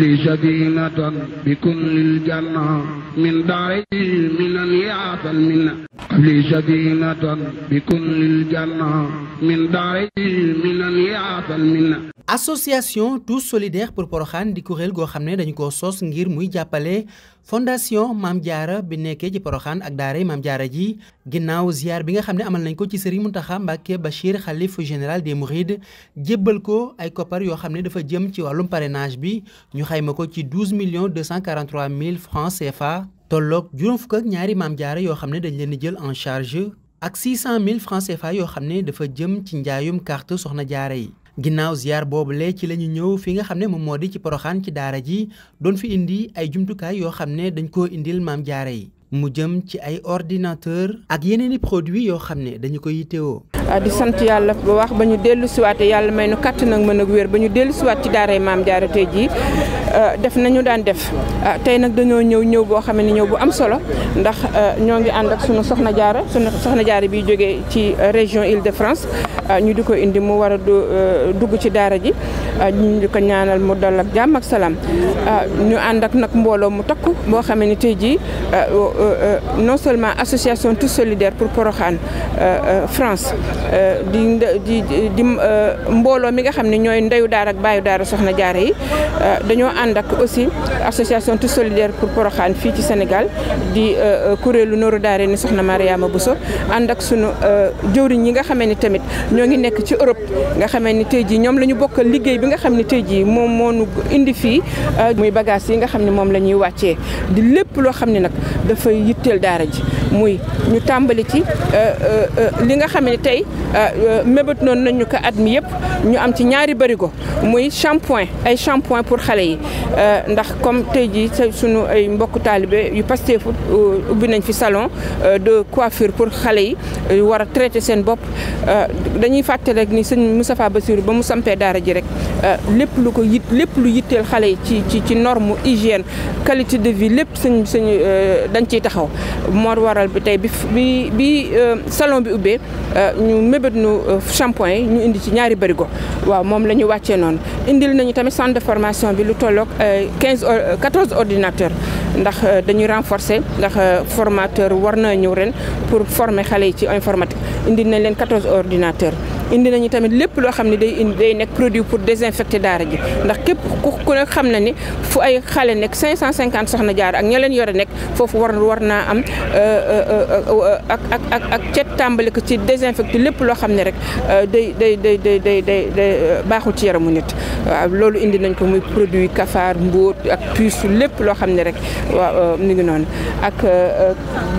li sadinatan bi kullil janna min daari minan yaatal minna li sadinatan bi kullil janna min daari minan yaatal minna association tous solidaires pour Porokhane di kuréel goo xam ne dañu ko sos ngir muy jàppale fondation Maam Jaara bi nekkee ci Porokhane ak daara Maam Jaara ji ginnaaw ziar bi nga xam ne amal nañ ko ci Serigne Mountakha Mbacké Bachir xalif général des Mourides jébbal ko ay koppar yoo xam ne dafa jëm ci wàllum parrainage bi ñu xayma ko ci 12 millions 243 mille francs CFA tolloog juróom fukk ak ñaari Maam Jaara yoo xam ne dañ leen di jël en charge ak 600 mille francs CFA yoo xam ne dafa jëm ci njaayum carte soxna jaara yi ginnaaw ziar boobule ci la ñu ñëw fii nga xam ne moom moo di ci poroxaan ci daara ji doon fi indi ay jumtukaay yoo xam ne dañ koo indil maam jaara yi mu jëm ci ay ordinateur ak yeneen i produits yoo xam ne dañu ko yitewoo Ah, di sant yàlla bu wax ba ñu dellu siwaat yàlla may nu kàttan nag mën ak wér ba ñu dellu siwaat ci daaray maam jaara tey jii ah, def nañu daan def ah, tey nag dañoo ñëw ñëw boo xam ne ñëw bu am solo ndax ñoo ngi ànd ak sunu soxna jaara sunu soxna jaara bi jógee ci région Île-de-France ñu di ko indi mu war a dugg ci daara ji ñu di ko ñaanal mu dal ak jàmm ak salaam ñu ànd ak nag mbooloo mu takku boo xam ne tey jii non seulement association tous solidaire pour Porokhane France Euh, di di di euh, mbooloo mi nga xam ne ñooy ndeyu daar ak baayu daara soxna jaare yi euh, dañoo ànd ak aussi association tout solidaire pour Porokhane fii ci Sénégal di kuréelu nooru daare ni soxna bu Bousso ànd ak sunu jëwriñ yi nga xamee ni tamit ñoo ngi nekk ci Europe nga xamee ni tey jii ñoom la ñu bokkal liggéey bi nga xam ne tey jii moom moo nu indi fii muy bagage yi nga xam ne moom la ñuy wàccee di lépp loo xam ni nag dafa yitteel daara ji muy ñu tàmbali ci li nga xam tey Euh, euh, mébét noonu nañu ko at mi yëpp ñu am ci ñaari barigo muy shampoing ay shampoing pour xale yi euh, ndax comme tey jii sunu ay mbokku taalibe yu Pastef ubbi nañ fi salon de coiffure pour xale yi war a traité seen bopp dañuy fàttali rek ni sëñ Moustapha Bassirou ba mu sampee daara ji rek lépp lu ko yit lépp lu yitteel xale yi ci ci ci norme hygiène qualité de vie lépp sëñ sëñ dañ ciy taxaw moo waral bi tey bi bi salon bi ubbee suñu nu euh, shampoing yi ñu indi ci ñaari bërigo waaw moom la ñu wàccee noonu indil nañu tamit centre de formation bi lu tollook euh, quinze 14 euh, ordinateurs ndax dañuy renforcer ndax formateur war na ñëw ren pour former xale yi ci informatique indi nañ leen 14 ordinateurs indi nañu tamit lépp loo xam ne day indi day nekk produit pour désinfecter daara ji ndax képp ku ku xam na ni fu ay xale nekk 550 soxna jaar ak ña yore nekk foofu war war naa am euh, euh, euh, ak ak ak ak cet tàmbali ko ci désinfecter lépp loo xam ne rek day day day day day day baaxul ci yaramu nit waaw loolu indi nañ ko muy produit kafaar mbóot ak puce lépp loo xam ne rek waaw mi ngi noonu ak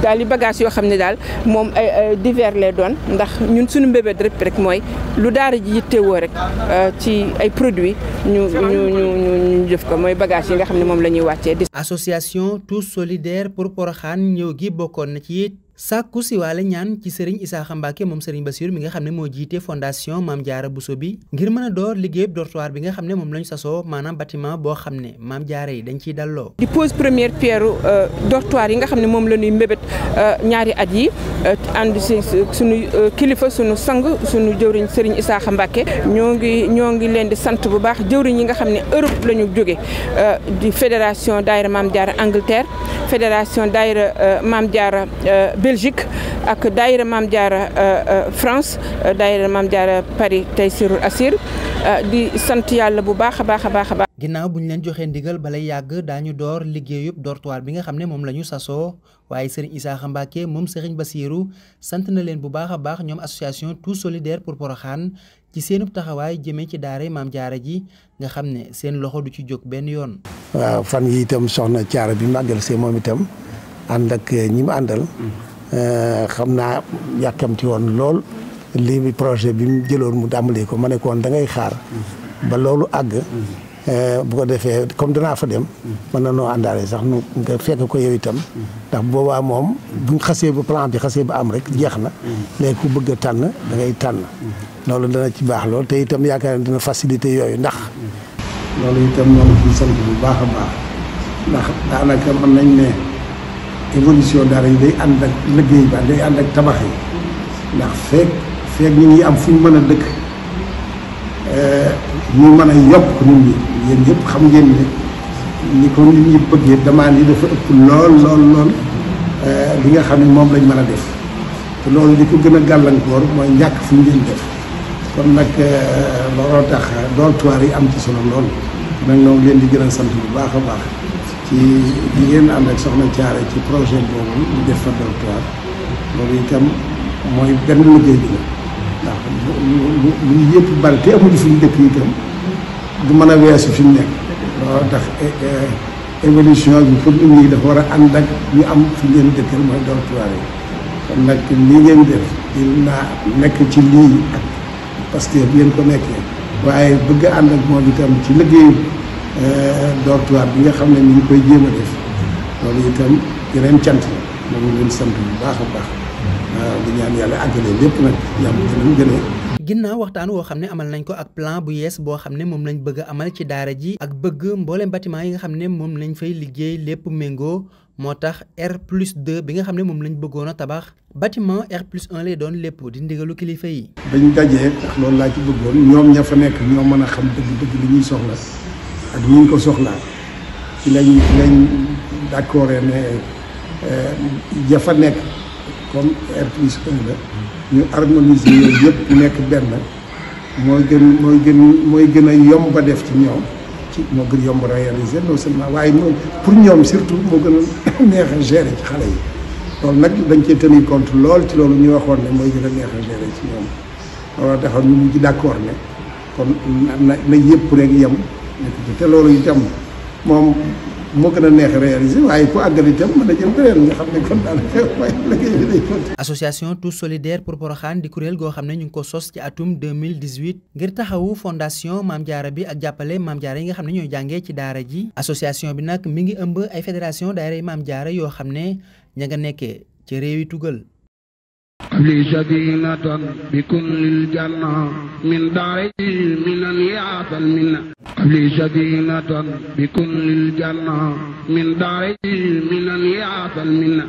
daal yi bagage yoo xam ne daal moom ay divers lay doon ndax ñun suñu mbébét rek mooy lu daara ji yittewoo rek euh, ci ay produits ñu ñu ñu ñu jëf ko mooy bagage yi nga xam ne moom la ñuy wàccee. association tous solidaires pour Porokhane ñëw gi bokkoon na ci it sàkku si waale ñaan ci Serigne Issakha Mbacké moom Serigne Bassirou mi nga xam ne moo jiite fondation Maam Diarra Bousso bi ngir mën a door liggéeyub dortoir bi nga xam ne moom lañu sasoo maanaam bâtiment boo xam ne Maam Diarra yi dañ ciy dalloo. di pose première pierre euh, dortoir yi nga moom la ñuy mbébét euh, ñaari at yi. ànd si suñu euh, kilifa suñu sang sunu jëwriñ Serigne Issakha Mbacké ñoo ngi ñoo ngi leen di sant bu baax jëwriñ yi nga xam ne Europe la ñu jóge euh, di fédération daayira Maam jaar Angleterre fédération daayira euh, Maam Jaara Belgique ak daayira Maam Jaara France daayira Maam Jaara Paris Taysiroul Assir di sant yàlla bu baax baax baax baax ginnaaw bu ñu leen joxee ndigal balay yàgg daañu door liggéeyub dortoir bi nga xam ne moom la ñu sasoo waaye sëriñ Isaaxa Mbàkke moom ba Basiiru sant na leen bu baax a baax ñoom association tout solidaires pour Porokhane ci seenub taxawaay jëmee ci daara maam jaara ji nga xam ne seen loxo du ci jóg benn yoon. waaw fan yi itam soxna Caara bi mu màggal see moom itam ànd ak ñi mu àndal eh, xam naa yàkkamti woon lool lii projet bi mu jëloon mu dàmbalee ko ma ne da ngay xaar ba loolu àgg. Eh, bu ko defee comme danaa fa dem mën na noo àndaale sax nu nga fekk ko yow itam ndax boobaa moom buñ xasee ba plan bi xasee bu am rek jeex na léegi ku bëgg a tànn dangay ngay tànn loolu dana ci baax lool te itam yaakaar ne dina facilité yooyu ndax loolu itam ñoo ngi bu baax a baax ndax daanaka mën nañ ne évolution daara yi day ànd ak liggéey ak tabax yi ndax feeg feeg ñu ngi am fu ñu mën a dëkk eh, ñu mën a yokk ñun ñi yéen ñëpp xam ngeen ne ni ko nit ñi bëggee demande yi dafa ëpp lool lool lool euh, li nga xam ne moom lañ mën a def te loolu li ko gën a gàllankoor mooy ñàkk fu ñu def kon nag euh, looloo tax dortoir yi am ci solo lool nag di gën a sant bu baax a baax ci ngeen ànd ak soxna Thiaré ci projet boobu ñu def fa dortoir loolu itam mooy benn liggéey bi la lu lu yëpp bari te amuñu suñu dëkk yi itam. du mën a weesu fi mu nekk loolu tax eh, eh, évolution bi pour nit ñi dafa war a ànd ak ñu am fi ngeen dëkkal mooy dortoir yi kon nag lii ngeen def il naa nekk ci lii ak parce que ngeen ko nekkee waaye bëgg ànd ak moom itam ci liggéeyu eh, dortoir bi nga xam ne ni ñu koy jéem a def loolu itam yeneen cant la moom leen sant bu baax a baax waaw di ñaan yàlla àggale lépp nag yàlla dinañ gën a ginnaaw waxtaan woo xam ne amal nañ ko ak plan bu yees boo xam ne moom lañ bëgg a amal ci daara ji ak bëgg mbooleem bâtiment yi nga xam ne moom lañ fay liggéey lépp méngoo moo tax plus 2 bi nga xam ne moom lañ bëggoon a tabax bâtiment R plus 1 lay doon lépp di ndigalu kilifa yi. dañ dajee ndax loolu laa ci bëggoon ñoom ña fa nekk ñoo mën a xam dëgg-dëgg li ñuy soxla ak ni ñu ko soxlaa ci lañ lañ ne ja euh, fa nekk. comme R plus 1 la ñu harmoniser yooyu nekk benn mooy gën mooy gën mooy gën a yomb ba def ci ñoom ci moo gën yomb réaliser non seulement waaye moom pour ñoom surtout moo gën a neex a ci xale yi loolu nag dañ cee tenir compte lool ci loolu ñu waxoon ne mooy gën a neex a gérer ci ñoom loolu taxaw ñu mujj d'accord ne kon na na yëpp rek yem nekk te loolu itam moom moo gën a neex réaliser waaye ku àggali itam mën a jël beneen nga xam ne kon daanaka waaye liggéey bi day kon association tous solidaires pour Porokhane di kuréel goo xam ne ñu ngi ko sos ci atum mille 2018 ngir taxawu fondation Maam Jaara bi ak jàppale Maam Jaara yi nga xam ne ñooy jàngee ci daara ji association bi nag mi ngi ëmb ay fédération daara yi Maam Jaara yoo xam ne ña nga nekkee ci réewi tugal ذات المنة قبلي سكينة بكل الجنة من داري من يا ذا المنة